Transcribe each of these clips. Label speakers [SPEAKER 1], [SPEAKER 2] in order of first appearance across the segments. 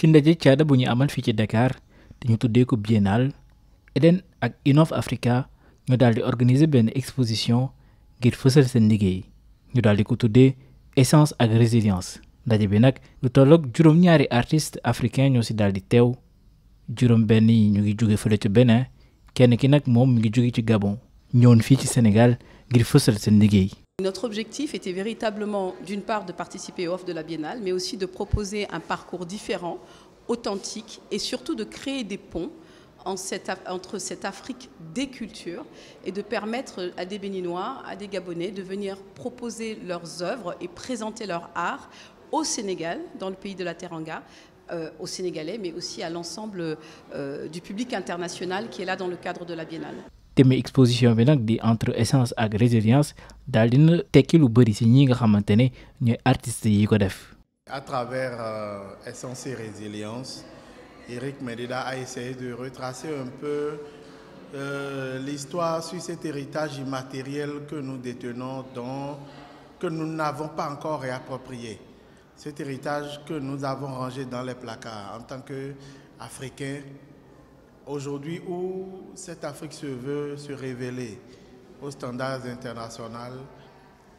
[SPEAKER 1] ci ndaje caada bu ñu amal fii ci Dakar te ñu tuddee ko biennale Eden ak Innov Africa ñu daal di organiser benn exposition ngir fësal seen liggéey ñu daal di ko tuddee essence ak résilience ndaje bi nag lu tolloog juróom-ñaari artistes africains ñoo si daal di teew juróom-benn yi ñu ngi jóge fële ci Bénin kenn ki nag moom mu ngi jóge ci Gabon ñëwoon fii ci Sénégal ngir fësal seen liggéey.
[SPEAKER 2] Notre objectif était véritablement, d'une part, de participer aux offres de la biennale, mais aussi de proposer un parcours différent, authentique, et surtout de créer des ponts en cette, entre cette Afrique des cultures et de permettre à des Béninois, à des Gabonais de venir proposer leurs œuvres et présenter leur art au Sénégal, dans le pays de la Teranga, euh, aux Sénégalais, mais aussi à l'ensemble euh, du public international qui est là dans le cadre de la Biennale.
[SPEAKER 1] thème exposition bi nag di entre essence ak résilience daal dina tekki lu bëri si ñii nga xamante ne ñooy artistes yi ko def.
[SPEAKER 3] à travers euh, essence et résilience Eric Medida a essayé de retracer un peu euh, l'histoire sur cet héritage immatériel que nous détenons dont que nous n'avons pas encore réapproprié cet héritage que nous avons rangé dans les placards en tant qu'Africains Aujourd'hui où cette Afrique se veut se révéler aux standards internationaux,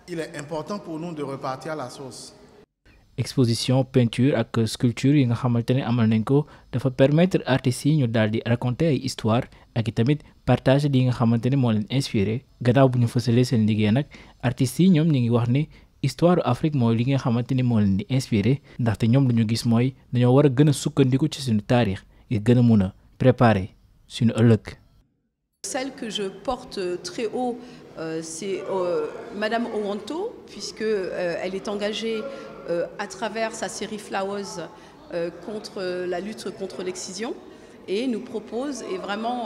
[SPEAKER 3] il est important pour nous de repartir à la source.
[SPEAKER 1] exposition peinture ak sculpture yi nga xamante ne amal nañ ko dafa permettre artistes yi ñu daal di raconter ay histoire ak i tamit partage li nga xamante ne moo leen inspiré gannaaw bu ñu fësalee seen liggéey nag artistes yi ñoom ñu ngi wax ni histoire Afrique mooy li nga xamante ni moo leen di inspiré ndaxte ñoom lu ñu gis mooy dañoo war a gën a sukkandiku ci suñu gën a mun a préparer suñu ëllëg.
[SPEAKER 2] Celle que je porte très haut, euh, c'est euh, Madame Owanto, euh, est engagée euh, à travers sa série Flowers euh, contre la lutte contre l'excision et nous propose, et vraiment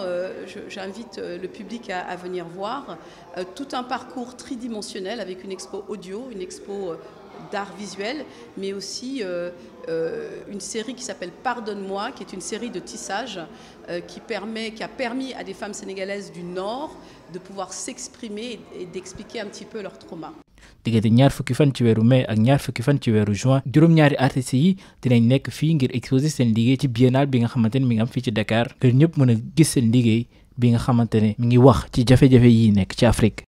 [SPEAKER 2] j'invite le public à, à venir voir, tout un parcours tridimensionnel avec une expo audio, une expo d'art visuel, mais aussi euh, euh, une série qui s'appelle Pardonne-moi, qui est une série de tissage euh, qui, permet, qui a permis à des femmes sénégalaises du Nord de pouvoir s'exprimer et d'expliquer un petit peu leur trauma.
[SPEAKER 1] diggante ñaar fukki fan ci weeru mai ak ñaar fukki fan ci weeru juin juróom-ñaari artistes yi dinañ nekk fii ngir exposer seen liggéey ci biennale bi nga xamante ne mi ngi am fii ci Dakar ngir ñëpp mën a gis seen liggéey bi nga xamante ne mi ngi wax ci jafe-jafe nekk ci Afrique.